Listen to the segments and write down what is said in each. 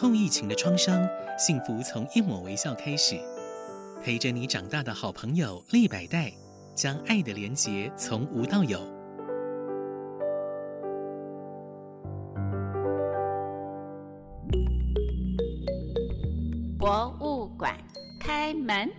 後疫情的創傷，幸福從一抹微笑開始。陪着你長大的好朋友利百代，將愛的連結從無到有。博物館開門。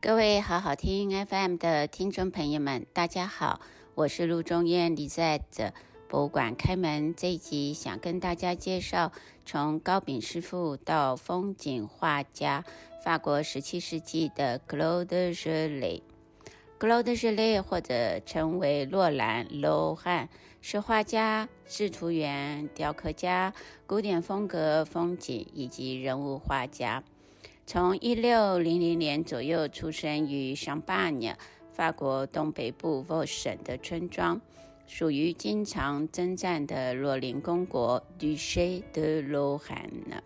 各位好好聽 FM 的聽眾朋友們，大家好。我是陸中燕，李在的博物館開門這一集想跟大家介紹，從糕餅師傅到風景畫家，法國十七世紀的 Claude Gellée，Claude Gellée 或者稱為洛蘭·洛漢，是畫家、製圖員、雕刻家、古典風格風景以及人物畫家，從一六零零年左右出生於香巴法國東北部沃省的村莊，屬於經常征戰的洛林公國。Duché de Lorraine。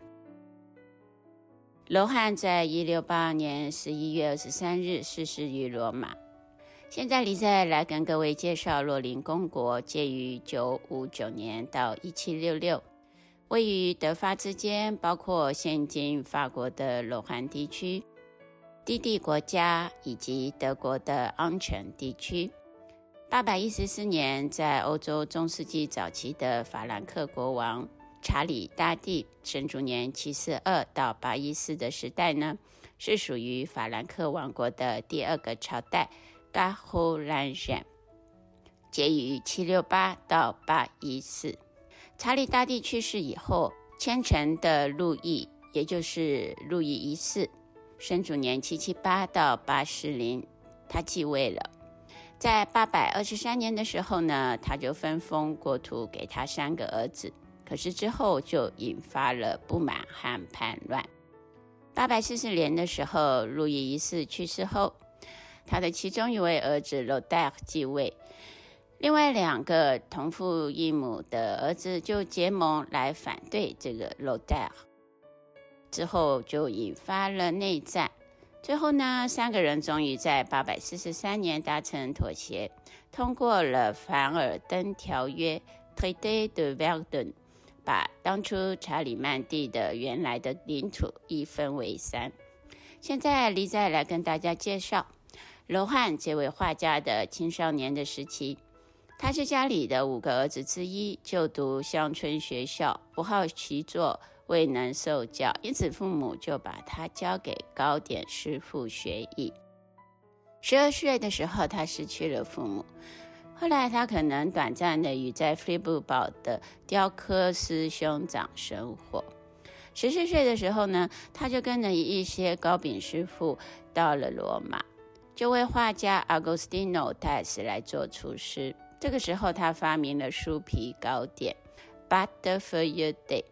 Lorrain、oh、在一六八二年十一月二十三日逝世於羅馬。現在，李再來跟各位介紹洛林公國，介於九五九年到一七六六，位於德法之間，包括現今法國的 Lorraine 地區。低地,地國家以及德國的安全地區。八百一十四年，在歐洲中世紀早期的法蘭克國王查理大帝生卒年七四二到八一四的時代呢，是屬於法蘭克王國的第二個朝代——加洛林人，介於七六八到八一四。查理大帝去世以後，虔誠的路易，也就是路易一世。生卒年七七八到八四零，他繼位了。在八百二十三年的時候呢，他就分封國土給他三個兒子。可是之後就引發了不滿和叛亂。八百四十年的時候，路易一世去世後，他的其中一位兒子洛泰爾繼位，另外兩個同父異母的兒子就結盟來反對這個洛泰爾。之後就引發了內戰，最後呢，三個人終於在八百四十三年達成妥協，通過了凡爾登條約 t r e t d n，把當初查理曼帝的原來的領土一分為三。現在，李在來跟大家介紹羅漢這位畫家的青少年的時期，他是家裡的五個兒子之一，就讀鄉村學校，不好奇做，未能受教，因此父母就把他交給糕點師傅學藝。十二歲的時候，他失去了父母。後來，他可能短暫的與在 Fribourg 堡的雕刻師兄長生活。十四歲的時候呢，他就跟着一些糕餅師傅到了羅馬，就為畫家 Agostino Tassi 來做廚師。這個時候，他發明了酥皮糕點，pâte feuilletée。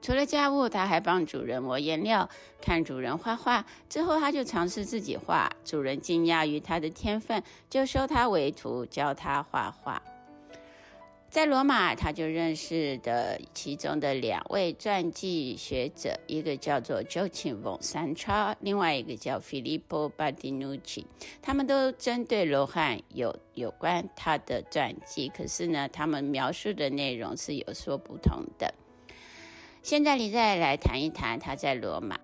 除了家務，他還幫主人磨顏料、看主人畫畫。之後，他就嘗試自己畫。主人驚訝於他的天分，就收他為徒，教他畫畫。在羅馬，他就認識的其中的兩位傳記學者，一個叫做 Joachim von Sandrart，o, 另外一個叫 Filippo Baldinucci。Ucci, 他們都針對洛蘭有有關他的傳記，可是呢，他們描述的內容是有所不同的。現在你再來談一談他在羅馬。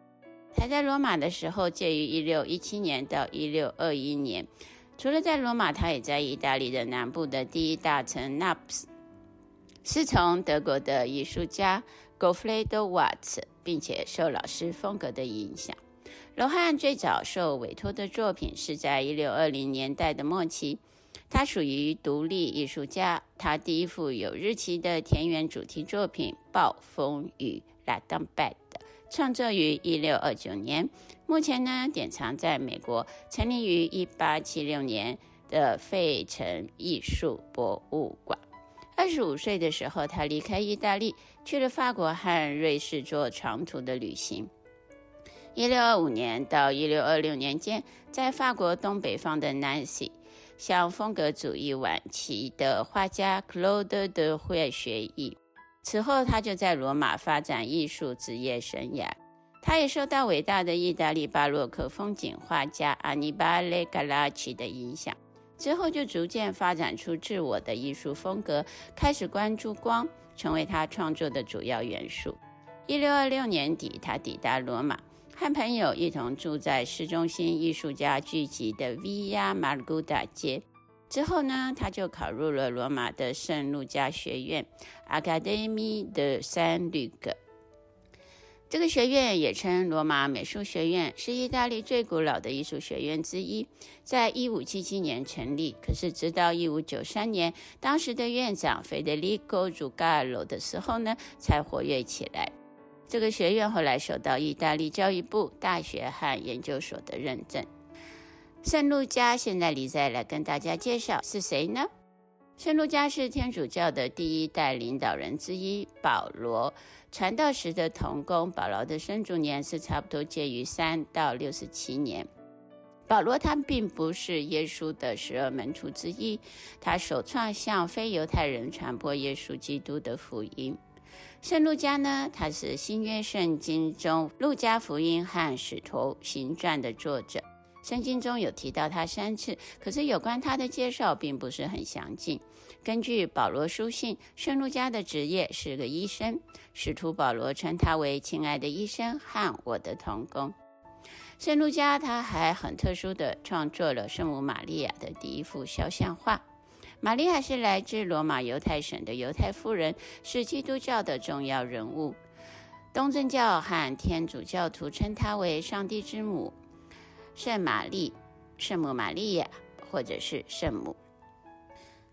他在羅馬的時候，介於一六一七年到一六二一年。除了在羅馬，他也在意大利的南部的第一大城 Naples，師從德國的藝術家 Goffredo Wals，並且受老師風格的影響。洛蘭最早受委托的作品是在一六二零年代的末期。他屬於獨立藝術家。他第一幅有日期的田園主題作品《暴風雨 l 當 d 的 b 創作於一六二九年，目前呢典藏在美國，成立於一八七六年的費城藝術博物館。二十五歲的時候，他離開意大利，去了法國和瑞士做長途的旅行。一六二五年到一六二六年間，在法國東北方的南西向風格主義晚期的畫家克洛德·德·惠爾學藝，此後他就在羅馬發展藝術職業生涯。他也受到偉大的意大利巴洛克風景畫家阿尼巴雷·卡拉奇的影響，之後就逐漸發展出自我的藝術風格，開始關注光，成為他創作的主要元素。一六二六年底，他抵達羅馬。和朋友一同住在市中心藝術家聚集的 Via Margutta 街，之後呢，他就考入了羅馬的聖路加學院 a c a d e m y d e San Luca）。這個學院也稱羅馬美術學院，是意大利最古老的藝術學院之一，在1577年成立。可是直到1593年，當時的院長費德里科·祖加羅的時候呢，才活躍起來。這個學院後來受到意大利教育部、大學和研究所的認證。聖路加現在，李在來跟大家介紹是誰呢？聖路加是天主教的第一代領導人之一，保羅，傳道時的同工，保羅的生卒年是差不多介於三到六十七年。保羅他並不是耶穌的十二門徒之一，他首創向非猶太人傳播耶穌基督的福音。聖路加呢？他是新約聖經中《路加福音》和《使徒行傳》的作者。聖經中有提到他三次，可是有關他的介紹並不是很詳盡。根據保羅書信，聖路加的職業是個醫生。使徒保羅稱他為“親愛的醫生”和“我的同工”。聖路加他還很特殊的創作了聖母瑪利亞的第一幅肖像畫。瑪利亞是來自羅馬猶太省的猶太婦人，是基督教的重要人物。東正教和天主教徒稱她為上帝之母、聖瑪麗、聖母瑪利亞，或者是聖母。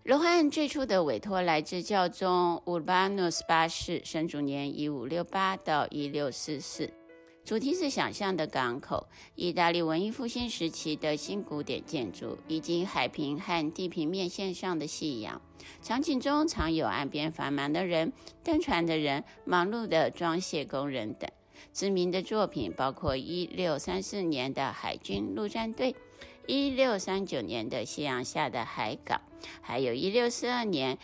洛蘭最初的委託來自教宗烏爾巴諾八世（生卒年：一五六八到一六四四）。主題是想象的港口，意大利文藝復興時期的新古典建築，以及海平和地平面線上的夕陽。場景中常有岸邊繁忙的人、登船的人、忙碌的裝卸工人等。知名的作品包括一六三四年的《海軍陸戰隊》，一六三九年的《夕陽下的海港》，還有一六四二年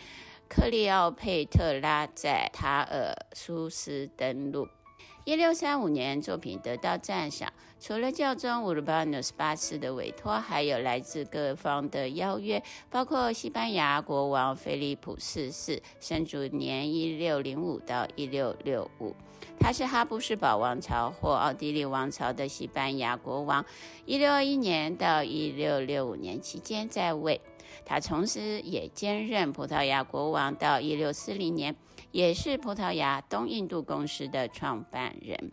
克利奧佩特拉在塔爾蘇斯登陸。一六三五年，作品得到讚賞。除了教宗烏爾巴努斯八世的委託，還有來自各方的邀約，包括西班牙國王菲利普四世（生卒年一六零五到一六六五）。他是哈布斯堡王朝或奧地利王朝的西班牙國王，一六二一年到一六六五年期間在位。他同時也兼任葡萄牙國王到一六四零年，也是葡萄牙東印度公司的創辦人。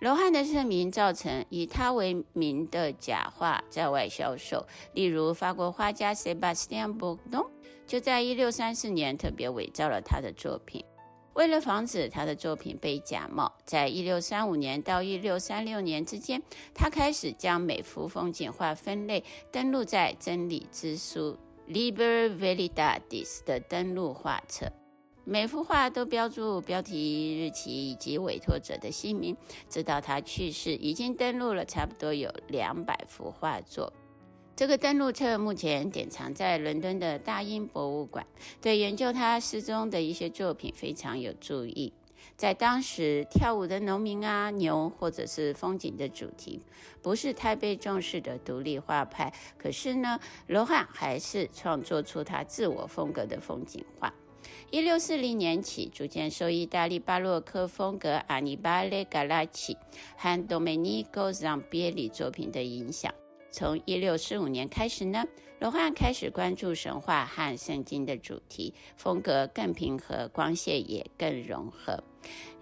洛蘭的盛名造成以他為名的假畫在外銷售，例如法國畫家塞巴斯蒂安·布東就在一六三四年特別偽造了他的作品。為了防止他的作品被假冒，在一六三五年到一六三六年之間，他開始將每幅風景畫分類登錄在《真理之書》（Liber Veritatis） 的登錄畫冊。每幅畫都標注標題、日期以及委託者的姓名。直到他去世，已經登錄了差不多有兩百幅畫作。這個登錄冊目前典藏在倫敦的大英博物館，對研究他失蹤的一些作品非常有助益。在當時，跳舞的農民啊、牛或者是風景的主題，不是太被重視的獨立畫派。可是呢，羅漢還是創作出他自我風格的風景畫。一六四零年起，逐漸受意大利巴洛克風格阿尼巴列·嘎拉奇和多梅尼科·桑別里作品的影響。從一六四五年開始呢，洛蘭開始關注神話和聖經的主題，風格更平和，光線也更融合。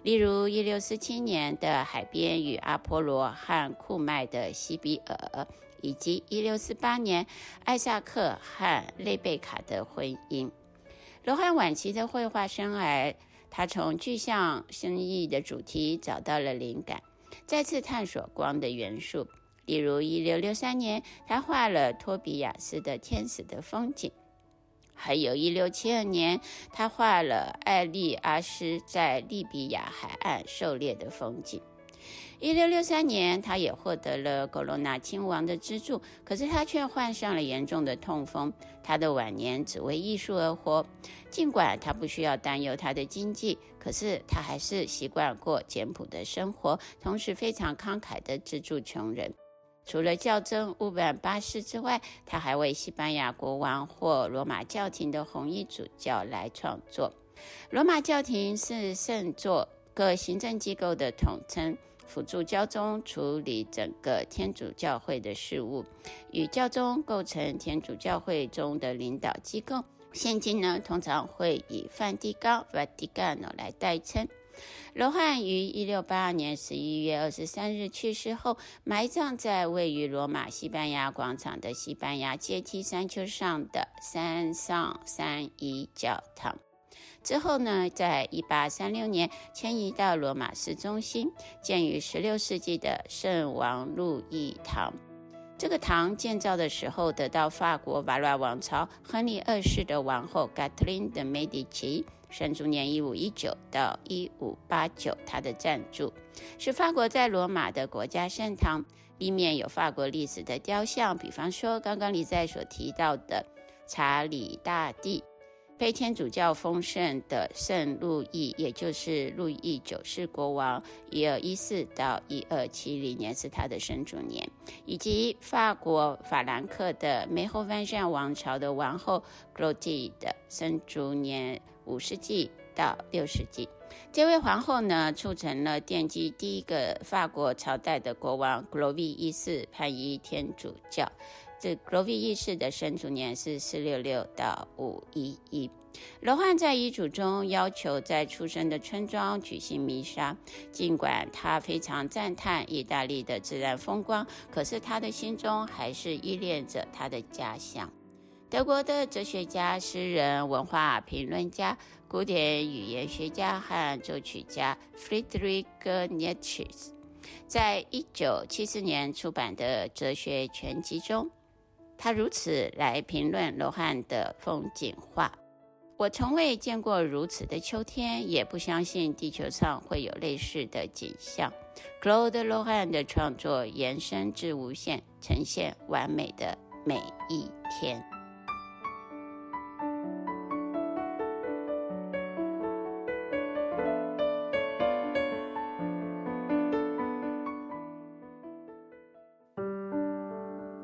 例如一六四七年的海邊與阿波羅和庫邁的西比爾，以及一六四八年艾薩克和雷貝卡的婚姻。洛蘭晚期的繪畫生涯，他從具象深意的主題找到了靈感，再次探索光的元素。例如，一六六三年，他畫了托比亞斯的天使的風景；還有一六七二年，他畫了艾利阿斯在利比亞海岸狩獵的風景。一六六三年，他也獲得了格羅納親王的資助，可是他卻患上了嚴重的痛風。他的晚年只為藝術而活，儘管他不需要擔憂他的經濟，可是他還是習慣過簡樸的生活，同時非常慷慨地資助窮人。除了教宗烏本八世之外，他還為西班牙國王或羅馬教廷的紅衣主教來創作。羅馬教廷是聖座各行政機構的統稱，輔助教宗處理整個天主教會的事務，與教宗構成天主教會中的領導機構。現今呢，通常會以梵蒂岡 （Vatican） 來代稱。洛蘭於一六八二年十一月二十三日去世後，埋葬在位於羅馬西班牙廣場的西班牙階梯山丘上的山上三一教堂。之後呢，在一八三六年遷移到羅馬市中心，建於十六世紀的聖王路易堂。這個堂建造的時候，得到法國瓦拉王朝亨利二世的王后卡特琳·德·美第奇。生卒年一五一九到一五八九，他的贊助是法國在羅馬的國家聖堂，裡面有法國歷史的雕像，比方說剛剛你在所提到的查理大帝，被天主教封聖的聖路易，也就是路易九世國王，一二一四到一二七零年是他的生卒年，以及法國法蘭克的梅後萬聖王朝的王后 Glo tede，生卒年。五世紀到六世紀，這位皇後呢，促成了奠基，第一個法國朝代的國王 Clovis 一世，皈依天主教。這 Clovis 一世的生卒年是四六六到五一一。洛蘭在遺囑中要求在出生的村莊舉行彌撒。儘管他非常讚嘆意大利的自然風光，可是他的心中還是依戀着他的家鄉。德國的哲學家、詩人、文化評論家、古典語言學家和作曲家 Friedrich Nietzsche，在一九七四年出版的《哲學全集》中，他如此來評論洛蘭的風景畫：“我從未見過如此的秋天，也不相信地球上會有類似的景象。Claude 洛蘭、oh、的創作延伸至無限，呈現完美的每一天。”